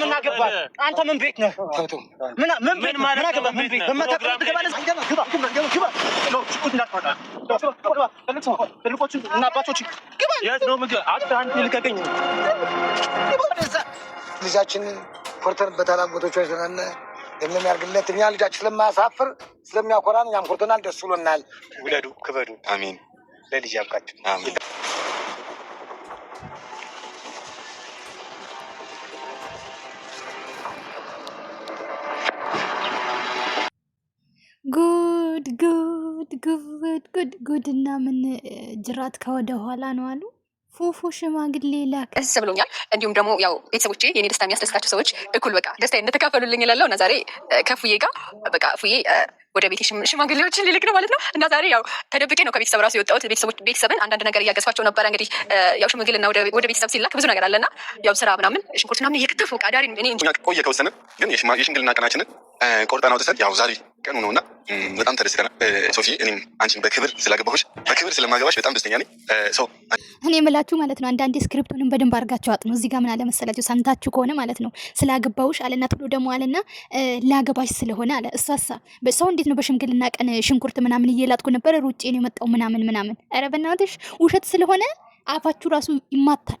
ምን አገባህ አንተ? ምን ቤት ነህ? ምን ቤት ምን አገባህ? ምን ቤት እኛ ልጃችን ስለማያሳፍር ስለሚያኮራን እኛም ኮርተናል። ደስ ብሎናል። ውለዱ፣ ክበዱ። አሜን። ለልጅ ያብቃችሁ። ጉድ ጉድና ምን ጅራት ከወደ ኋላ ነው አሉ። ፉፉ ሽማግሌ ላክ ደስ ብሎኛል። እንዲሁም ደግሞ ያው ቤተሰቦቼ የኔ ደስታ የሚያስደስታቸው ሰዎች እኩል በቃ ደስታ እንደተካፈሉልኝ ይላለው እና ዛሬ ከፉዬ ጋር በቃ ፉዬ ወደ ቤት ሽማግሌዎችን ሊልክ ነው ማለት ነው እና ዛሬ ያው ተደብቄ ነው ከቤተሰብ ራሱ የወጣሁት። ቤተሰቦች ቤተሰብን አንዳንድ ነገር እያገዝፋቸው ነበረ። እንግዲህ ያው ሽምግልና ወደ ቤተሰብ ሲላክ ብዙ ነገር አለና ያው ስራ ምናምን ሽንኩርት ምናምን እየከተፉ ቃዳሪ ቆየ ከወሰንን ግን የሽምግልና ቀናችንን ቆርጠን አውጥተን ያው ዛሬ ቀኑ ነው እና በጣም ተደስተናል። ሶፊ እኔም አንቺን በክብር ስላገባሁሽ በክብር ስለማገባሽ በጣም ደስተኛ ነኝ። ሰው እኔ የምላችሁ ማለት ነው አንዳንዴ ስክሪፕቱንም በደንብ አድርጋችሁ አጥኑ። እዚህ ጋር ምን አለ መሰላችሁ ሰምታችሁ ከሆነ ማለት ነው ስላገባሁሽ አለና ቶሎ ደግሞ አለና ላገባሽ ስለሆነ አለ እሷሳ ሰው እንዴት ነው በሽምግልና ቀን ሽንኩርት ምናምን እየላጥኩ ነበረ ሩጬ ነው የመጣው ምናምን ምናምን። ኧረ በእናትሽ ውሸት ስለሆነ አፋችሁ ራሱ ይማታል።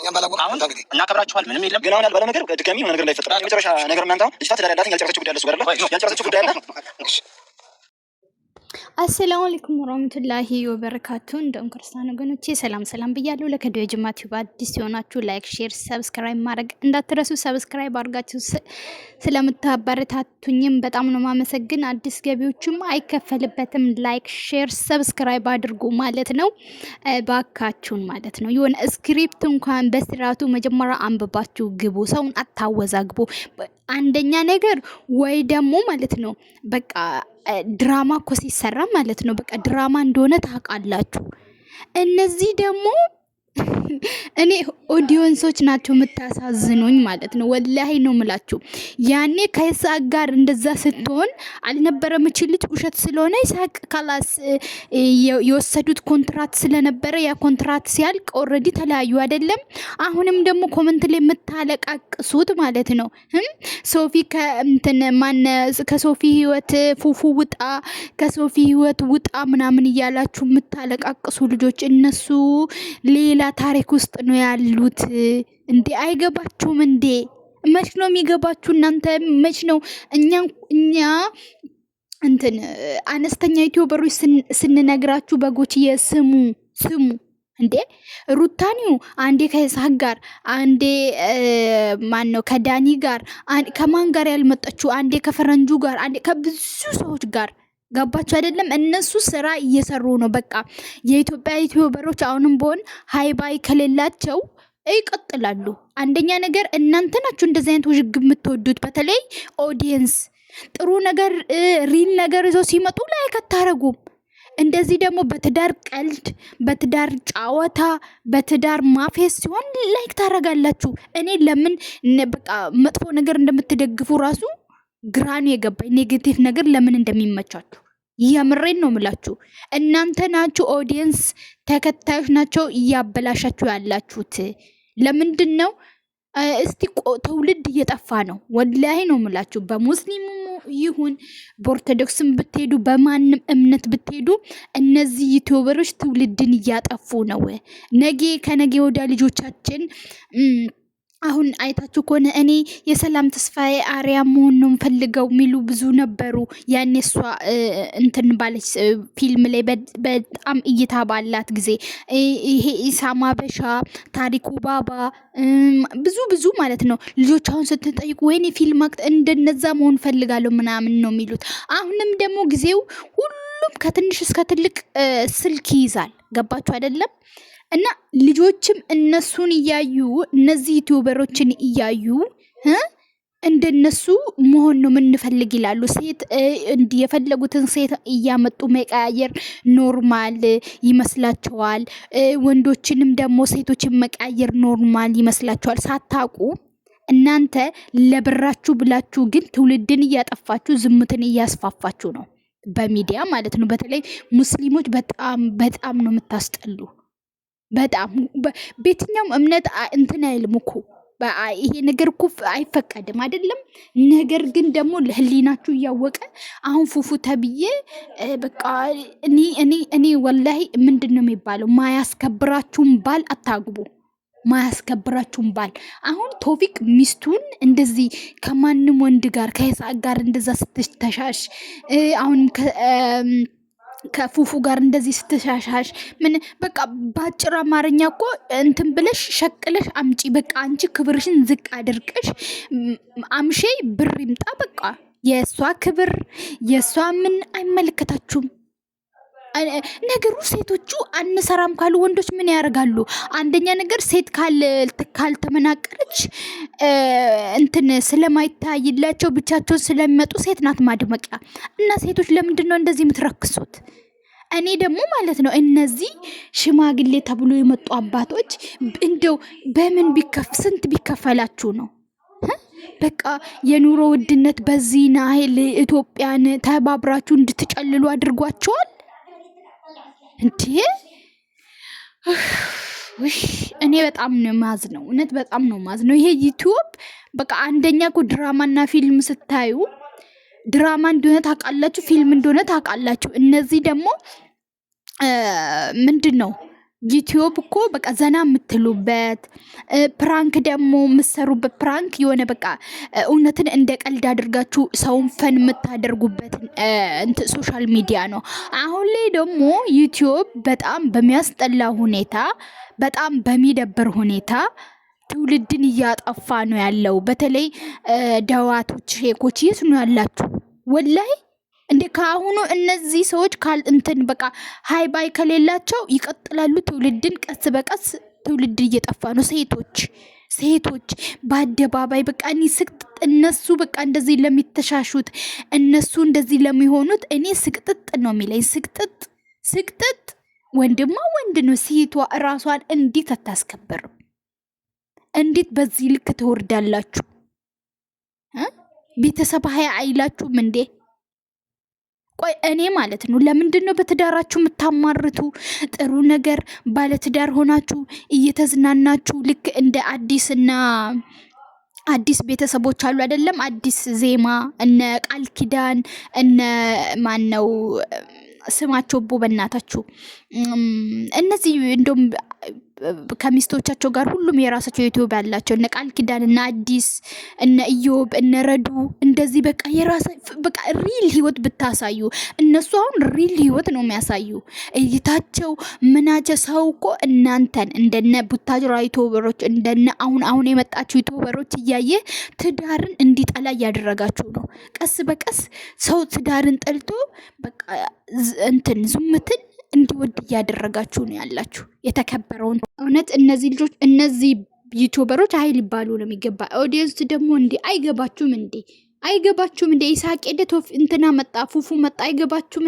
እኛም ባላወቅም አሁን እንግዲህ እናከብራችኋል። ምንም የለም ግን አሁን ያልባለ ነገር ድጋሚ የሆነ ነገር እንዳይፈጠር የመጨረሻ ነገር እናንተ አሁን ልጅቷ ትዳር ያላት ያልጨረሰችው ጉዳይ አለ እሱ ጋር ያልጨረሰችው ጉዳይ አለ አሰላሙ አለይኩም ወራህመቱላሂ ወበረካቱ። እንደውም ክርስቲያን ወገኖቼ ሰላም ሰላም ብያለሁ። ለከዲዮ ጅማ ቲዩብ አዲስ የሆናችሁ ላይክ፣ ሼር፣ ሰብስክራይብ ማድረግ እንዳትረሱ። ሰብስክራይብ አድርጋችሁ ስለምታበረታቱኝም በጣም ነው ማመሰግን። አዲስ ገቢዎችም አይከፈልበትም። ላይክ፣ ሼር፣ ሰብስክራይብ አድርጉ ማለት ነው፣ ባካችሁን ማለት ነው። የሆነ ስክሪፕት እንኳን በስርዓቱ መጀመሪያ አንብባችሁ ግቡ። ሰውን አታወዛግቡ። አንደኛ ነገር ወይ ደግሞ ማለት ነው በቃ ድራማ እኮ ሲሰራ ማለት ነው በቃ ድራማ እንደሆነ ታውቃላችሁ። እነዚህ ደግሞ እኔ ኦዲዮንሶች ናቸው የምታሳዝኑኝ ማለት ነው። ወላሂ ነው ምላችሁ። ያኔ ከይስሐቅ ጋር እንደዛ ስትሆን አልነበረም ምችልች ውሸት ስለሆነ ይስሐቅ ካላስ የወሰዱት ኮንትራት ስለነበረ ያ ኮንትራት ሲያልቅ ኦልሬዲ ተለያዩ አይደለም። አሁንም ደግሞ ኮመንት ላይ የምታለቃቅሱት ማለት ነው። ሶፊ ከእንትን ማነ ከሶፊ ህይወት ፉፉ ውጣ፣ ከሶፊ ህይወት ውጣ ምናምን እያላችሁ የምታለቃቅሱ ልጆች እነሱ ሌላ ታሪክ ታሪክ ውስጥ ነው ያሉት እንዴ? አይገባችሁም እንዴ? መች ነው የሚገባችሁ እናንተ? መች ነው እኛ እኛ እንትን አነስተኛ ዩቲዩበሮች ስንነግራችሁ በጎች የስሙ ስሙ እንዴ ሩታኒው አንዴ ከይስሐቅ ጋር አንዴ ማን ነው ከዳኒ ጋር ከማን ጋር ያልመጣችሁ አንዴ ከፈረንጁ ጋር አንዴ ከብዙ ሰዎች ጋር ገባችሁ አይደለም? እነሱ ስራ እየሰሩ ነው። በቃ የኢትዮጵያ ዩቲዩበሮች አሁንም በሆን ሀይባይ ከሌላቸው ይቀጥላሉ። አንደኛ ነገር እናንተ ናችሁ እንደዚህ አይነት ውዥግብ የምትወዱት፣ በተለይ ኦዲየንስ ጥሩ ነገር ሪል ነገር ይዘው ሲመጡ ላይክ አታረጉም። እንደዚህ ደግሞ በትዳር ቀልድ፣ በትዳር ጨዋታ፣ በትዳር ማፌስ ሲሆን ላይክ ታረጋላችሁ። እኔ ለምን በቃ መጥፎ ነገር እንደምትደግፉ ራሱ ግራኑ የገባኝ። ኔጌቲቭ ነገር ለምን እንደሚመቻችሁ የምሬን ነው ምላችሁ። እናንተ ናችሁ ኦዲየንስ ተከታዮች ናቸው እያበላሻችሁ ያላችሁት። ለምንድን ነው እስቲ ትውልድ እየጠፋ ነው። ወላሂ ነው ምላችሁ። በሙስሊሙ ይሁን በኦርቶዶክስም ብትሄዱ በማንም እምነት ብትሄዱ እነዚህ ዩቲዩበሮች ትውልድን እያጠፉ ነው። ነጌ ከነጌ ወዲያ ልጆቻችን አሁን አይታችሁ ከሆነ እኔ የሰላም ተስፋዬ አርያ መሆን ነው ፈልገው የሚሉ ብዙ ነበሩ። ያኔ እሷ እንትን ባለች ፊልም ላይ በጣም እይታ ባላት ጊዜ ይሄ ኢሳማ በሻ፣ ታሪኩ ባባ ብዙ ብዙ ማለት ነው ልጆች አሁን ስትጠይቁ ወይኔ ፊልም ቅ እንደነዛ መሆን ፈልጋለሁ ምናምን ነው የሚሉት። አሁንም ደግሞ ጊዜው ሁሉም ከትንሽ እስከ ትልቅ ስልክ ይይዛል። ገባችሁ አይደለም? እና ልጆችም እነሱን እያዩ እነዚህ ዩቲዩበሮችን እያዩ እንደነሱ መሆን ነው የምንፈልግ ይላሉ። ሴት የፈለጉትን ሴት እያመጡ መቀያየር ኖርማል ይመስላቸዋል። ወንዶችንም ደግሞ ሴቶችን መቀያየር ኖርማል ይመስላቸዋል ሳታቁ እናንተ ለብራችሁ ብላችሁ ግን ትውልድን እያጠፋችሁ ዝምትን እያስፋፋችሁ ነው፣ በሚዲያ ማለት ነው። በተለይ ሙስሊሞች በጣም በጣም ነው የምታስጠሉ። በጣም በየትኛውም እምነት እንትን አይልም እኮ ይሄ ነገር እኮ አይፈቀድም አይደለም። ነገር ግን ደግሞ ለህሊናችሁ እያወቀ አሁን ፉፉ ተብዬ በቃ እኔ እኔ ወላሂ ምንድን ነው የሚባለው? ማያስከብራችሁን ባል አታግቡ። ማያስከብራችሁን ባል አሁን ቶፊቅ ሚስቱን እንደዚህ ከማንም ወንድ ጋር ከሳቅ ጋር እንደዛ ስትተሻሽ አሁን ከፉፉ ጋር እንደዚህ ስትሻሻሽ ምን በቃ በአጭር አማርኛ እኮ እንትን ብለሽ ሸቅለሽ አምጪ። በቃ አንቺ ክብርሽን ዝቅ አድርቀሽ አምሼ ብር ይምጣ። በቃ የእሷ ክብር የእሷ ምን አይመለከታችሁም። ነገሩ ሴቶቹ አንሰራም ካሉ ወንዶች ምን ያደርጋሉ? አንደኛ ነገር ሴት ካልተመናቀረች እንትን ስለማይታይላቸው ብቻቸውን ስለሚመጡ ሴት ናት ማድመቂያ። እና ሴቶች ለምንድን ነው እንደዚህ የምትረክሱት? እኔ ደግሞ ማለት ነው እነዚህ ሽማግሌ ተብሎ የመጡ አባቶች እንደው በምን ቢከፍ ስንት ቢከፈላችሁ ነው በቃ የኑሮ ውድነት በዚህ ናይል ኢትዮጵያን ተባብራችሁ እንድትጨልሉ አድርጓቸዋል። እንዴ እኔ በጣም ነው ማዝ ነው እውነት በጣም ነው ማዝ ነው። ይሄ ዩቲዩብ በቃ አንደኛ እኮ ድራማና ፊልም ስታዩ ድራማ እንደሆነ ታውቃላችሁ፣ ፊልም እንደሆነ ታውቃላችሁ። እነዚህ ደግሞ ምንድን ነው ዩቲዩብ እኮ በቃ ዘና የምትሉበት ፕራንክ ደግሞ የምትሰሩበት ፕራንክ የሆነ በቃ እውነትን እንደ ቀልድ አድርጋችሁ ሰውን ፈን የምታደርጉበት ሶሻል ሚዲያ ነው። አሁን ላይ ደግሞ ዩቲዩብ በጣም በሚያስጠላ ሁኔታ፣ በጣም በሚደብር ሁኔታ ትውልድን እያጠፋ ነው ያለው። በተለይ ደዋቶች፣ ሼኮች የት ነው ያላችሁ? ወላይ እንዴ ከአሁኑ እነዚህ ሰዎች ካል እንትን በቃ ሀይ ባይ ከሌላቸው ይቀጥላሉ። ትውልድን ቀስ በቀስ ትውልድ እየጠፋ ነው። ሴቶች ሴቶች በአደባባይ በቃ እኔ ስቅጥጥ እነሱ በቃ እንደዚህ ለሚተሻሹት እነሱ እንደዚህ ለሚሆኑት እኔ ስቅጥጥ ነው የሚለኝ። ስቅጥጥ ስቅጥጥ ወንድማ ወንድ ነው። ሴቷ እራሷን እንዴት አታስከበርም? እንዴት በዚህ ልክ ትወርዳላችሁ? ቤተሰብ ሀያ አይላችሁም እንዴ? ቆይ እኔ ማለት ነው ለምንድን ነው በትዳራችሁ የምታማርቱ? ጥሩ ነገር ባለትዳር ሆናችሁ እየተዝናናችሁ ልክ እንደ አዲስና አዲስ ቤተሰቦች አሉ አይደለም? አዲስ ዜማ እነ ቃል ኪዳን እነ ማን ነው ስማቸው ቦ በእናታችሁ እነዚህ እንደውም ከሚስቶቻቸው ጋር ሁሉም የራሳቸው ዩቲዩብ ያላቸው እነ ቃል ኪዳን እነ አዲስ እነ ኢዮብ እነ ረዱ እንደዚህ በቃ የራሳ በቃ ሪል ህይወት ብታሳዩ። እነሱ አሁን ሪል ህይወት ነው የሚያሳዩ። እይታቸው ምናቸ ሰው እኮ እናንተን እንደነ ቡታጅራ ዩቲዩበሮች እንደነ አሁን አሁን የመጣችሁ ዩቲዩበሮች እያየ ትዳርን እንዲጠላ እያደረጋችሁ ነው። ቀስ በቀስ ሰው ትዳርን ጠልቶ በቃ እንትን ዝምትን እንዲወድ እያደረጋችሁ ነው ያላችሁ። የተከበረውን እውነት እነዚህ ልጆች እነዚህ ዩቱበሮች አይ ሊባሉ ነው የሚገባ። ኦዲየንስ ደግሞ እንዲ አይገባችሁም እንዴ? አይገባችሁም እንዴ? ኢሳቅ እንትና መጣ ፉፉ መጣ አይገባችሁም?